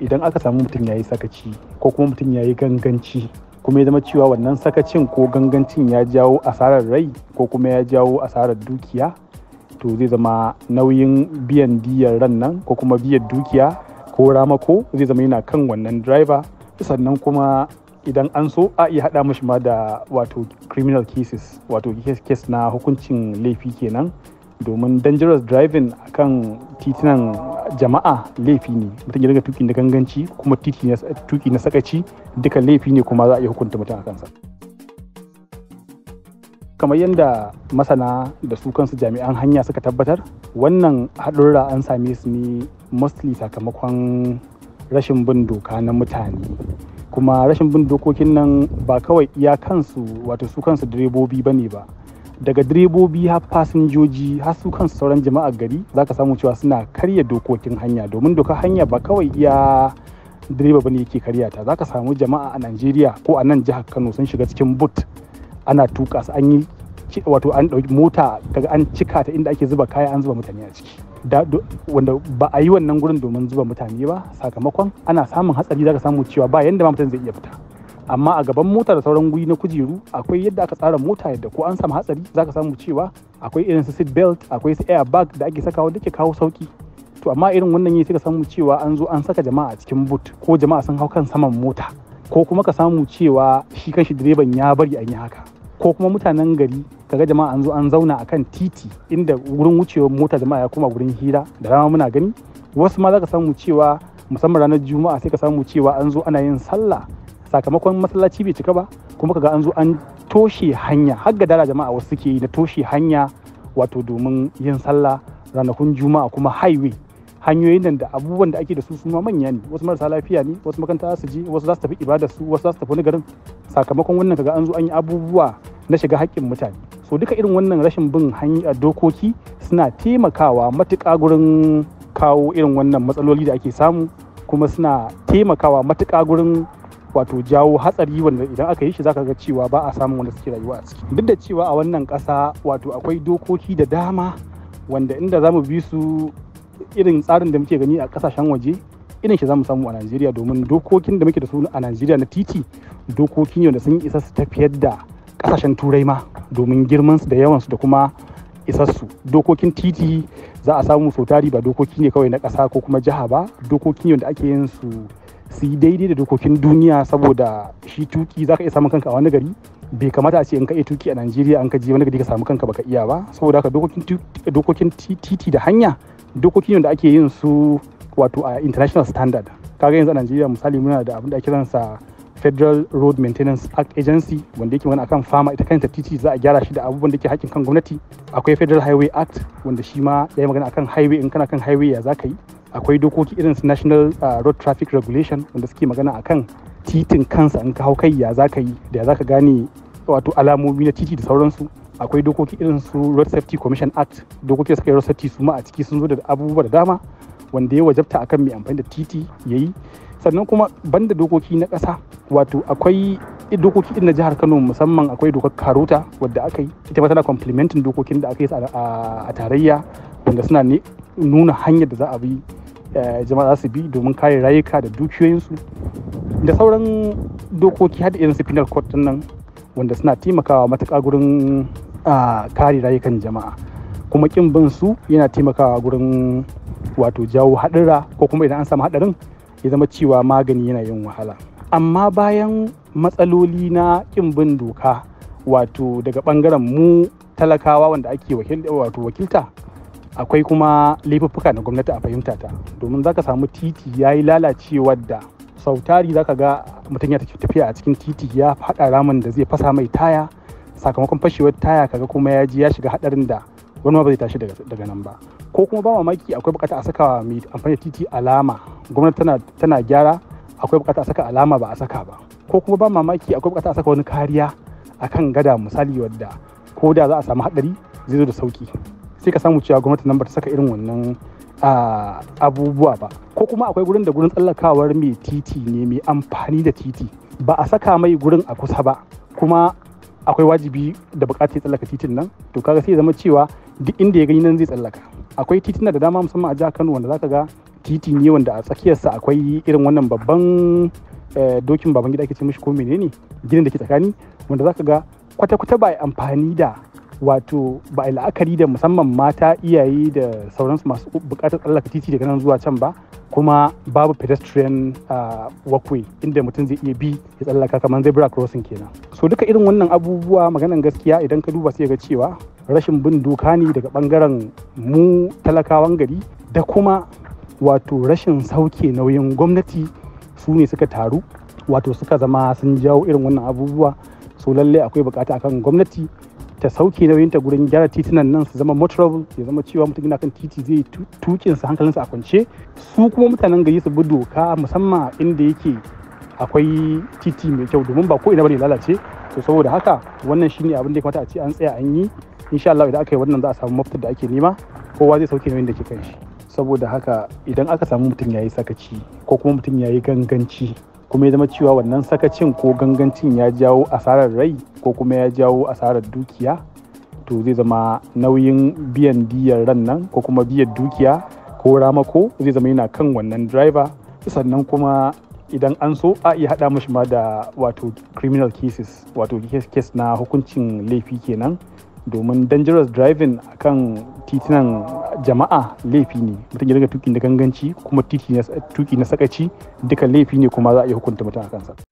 idan aka samu mutum ya yi sakaci ko kuma mutum ya yi ganganci kuma ya zama cewa wannan sakacin ko gangancin ya jawo asarar rai ko kuma ya jawo asarar dukiya to zai zama nauyin biyan diyar ran nan ko kuma biyan dukiya ko ramako zai zama yana kan wannan driver sannan kuma idan an so a iya haɗa mashi ma da wato criminal cases wato case na hukuncin laifi kenan domin dangerous driving akan titunan jama'a laifi ne mutum ya daga tuki na ganganci kuma tuki na sakaci duka laifi ne kuma za a iya hukunta mutum a kansa kamar yadda masana da su kansu jami'an hanya suka tabbatar wannan haɗurra an same su ne mostly sakamakon rashin bin doka na mutane kuma rashin bin dokokin nan ba kawai iya kansu wato su kansu direbobi ba ne ba daga direbobi har fasinjoji har su kan sauran jama'a gari za ka samu cewa suna karya dokokin hanya domin dokar hanya ba kawai iya direba bane yake karya ta za ka samu jama'a a najeriya ko a nan jihar kano sun shiga cikin but ana tuka su an yi wato an ɗauki mota kaga an cika ta inda ake zuba kaya an zuba mutane a ciki wanda ba a yi wannan gurin domin zuba mutane ba sakamakon ana samun hatsari za ka samu cewa ba yanda ma mutum zai iya fita amma a gaban mota da sauran guri na kujeru akwai yadda aka tsara mota yadda ko an samu hatsari za ka samu cewa akwai irin su seat belt akwai su airbag da ake sakawa da ke kawo sauki to amma irin wannan yayi suka samu cewa an zo an saka jama'a a cikin boot ko jama'a sun hau kan saman mota ko kuma ka samu cewa shi kanshi direban ya bari an yi haka ko kuma mutanen gari kaga jama'a an zo an zauna akan titi inda wurin wucewar mota jama'a ya koma wurin hira da rama muna gani wasu ma za ka samu cewa musamman ranar juma'a sai ka samu cewa an zo ana yin sallah sakamakon masallaci bai cika ba kuma kaga an zo an toshe hanya har ga dala jama'a wasu suke yi na toshe hanya wato domin yin sallah ranakun juma'a kuma highway hanyoyin nan da abubuwan da ake da su su ma manya ne wasu marasa lafiya ne wasu makaranta su je wasu za su tafi ibada su wasu za su tafi wani garin sakamakon wannan kaga an zo an yi abubuwa na shiga haƙƙin mutane so duka irin wannan rashin bin hanya dokoki suna taimakawa matuƙa gurin kawo irin wannan matsaloli da ake samu kuma suna taimakawa matuƙa gurin wato jawo hatsari wanda idan aka yi shi zaka ga cewa ba a samun wanda suke rayuwa a ciki duk da cewa a wannan ƙasa wato akwai dokoki da dama wanda inda zamu bi su irin tsarin da muke gani a ƙasashen waje irin shi zamu samu a Najeriya domin dokokin da muke da su a Najeriya na titi dokoki ne wanda sun isa su tafiyar da ƙasashen turai ma domin girman da yawan su da kuma isassu dokokin titi za a samu sautari ba dokoki ne kawai na ƙasa ko kuma jiha ba dokoki ne wanda ake yin su su yi daidai da dokokin duniya saboda shi tuki za ka iya samun kanka a wani gari bai kamata a ce in ka iya tuki a najeriya an ka je wani gari ka samu kanka baka iya ba saboda haka dokokin titi da hanya dokokin da ake yin su wato a international standard kaga yanzu a najeriya misali muna da abin da ake kiransa federal road maintenance act agency wanda yake wani akan fama ita kanta titi za a gyara shi da abubuwan da ke hakkin kan gwamnati akwai federal highway act wanda shi ma ya yi magana akan highway in kana kan highway ya za ka yi akwai dokoki irin su national uh, road traffic regulation wanda suke magana akan titin kansa in ka hau kai ya za yi da ya za gane wato alamomi na titi da sauransu akwai dokoki irin su road safety commission act dokoki suka yi road safety su ma a ciki sun zo da abubuwa da dama wanda ya wajabta akan mai amfani da titi ya yi sannan kuma banda dokoki na ƙasa wato akwai dokoki irin na jihar kano musamman akwai dokar karuta wadda aka yi ita ma tana complementing dokokin da aka yi a tarayya wanda suna nuna hanyar da za a bi eh, jama'a za su bi domin kare rayuka da dukiyoyinsu da sauran dokoki hada irin su penal court nan wanda suna taimakawa matuƙa gurin kare rayukan jama'a kuma kin bin su yana taimakawa gurin wato jawo haɗura ko kuma idan an samu haɗarin ya zama cewa magani yana yin wahala amma bayan matsaloli na kin bin doka wato daga ɓangaren mu talakawa wanda ake wato wakilta akwai kuma laifuffuka na gwamnati a fahimta ta domin zaka samu titi ya yi lalacewa da sautari zaka ga mutum ya tafiya a cikin titi ya faɗa ramin da zai fasa mai taya sakamakon fashewar taya kaga kuma ya ji ya shiga haɗarin da wani ma ba zai tashi daga nan ba ko kuma ba mamaki akwai bukata a saka mai amfani da titi alama gwamnati tana gyara akwai bukata a saka alama ba a saka ba ko kuma ba mamaki akwai bukata a saka wani kariya akan gada misali wadda ko da za a samu haɗari zai zo da sauki sai ka samu cewa gwamnati nan ba ta saka irin wannan abubuwa ba ko kuma akwai gurin da gurin tsallakawar mai titi ne mai amfani da titi ba a saka mai gurin a kusa ba kuma akwai wajibi da bukatar tsallaka titin nan to kaga sai zama cewa duk inda ya gani nan zai tsallaka akwai titina da dama musamman a jihar Kano wanda zaka ga titi ne wanda a tsakiyarsa akwai irin wannan babban eh, dokin baban gida ake ce mishi ko menene gidan da ke tsakani wanda zaka ga kwata-kwata ba amfani da wato ba a la'akari da musamman mata iyaye da sauransu masu bukatar tsallaka titi daga nan zuwa can ba kuma babu pedestrian uh, walkway inda mutum zai iya bi ya tsallaka kamar zebra crossing kenan so duka irin wannan abubuwa maganan gaskiya idan ka duba sai ga cewa rashin bin doka ne daga bangaren mu talakawan gari da kuma wato rashin sauke nauyin gwamnati su ne suka taru wato suka zama sun jawo irin wannan abubuwa so lallai akwai bukata akan gwamnati ta sauke nauyin nauyinta gurin gyara titunan nan su zama motorable ya zama cewa mutum yana kan titi zai tukin su hankalinsa a kwance su kuma mutanen gari su bi doka musamman inda yake akwai titi mai kyau domin ba ko ina bane lalace to saboda haka wannan shine abin da ya kamata a ce an tsaya an yi insha Allah idan aka yi wannan za a samu mafita da ake nema kowa zai sauke nauyin da ke kan shi saboda haka idan aka samu mutum yayi sakaci ko kuma mutum yayi ganganci kuma ya zama cewa wannan sakacin ko gangancin ya jawo asarar rai ko kuma ya jawo asarar dukiya to zai zama nauyin biyan diyar ran nan ko kuma biyan dukiya ko ramako zai zama yana kan wannan driver sannan kuma idan an so a iya haɗa mashi ma da wato criminal cases wato case na hukuncin laifi kenan domin dangerous driving kan titunan jama'a laifi ne mutum ya daga tuki na ganganci kuma tuki na sakaci duka laifi ne kuma za a iya hukunta mutum a kansa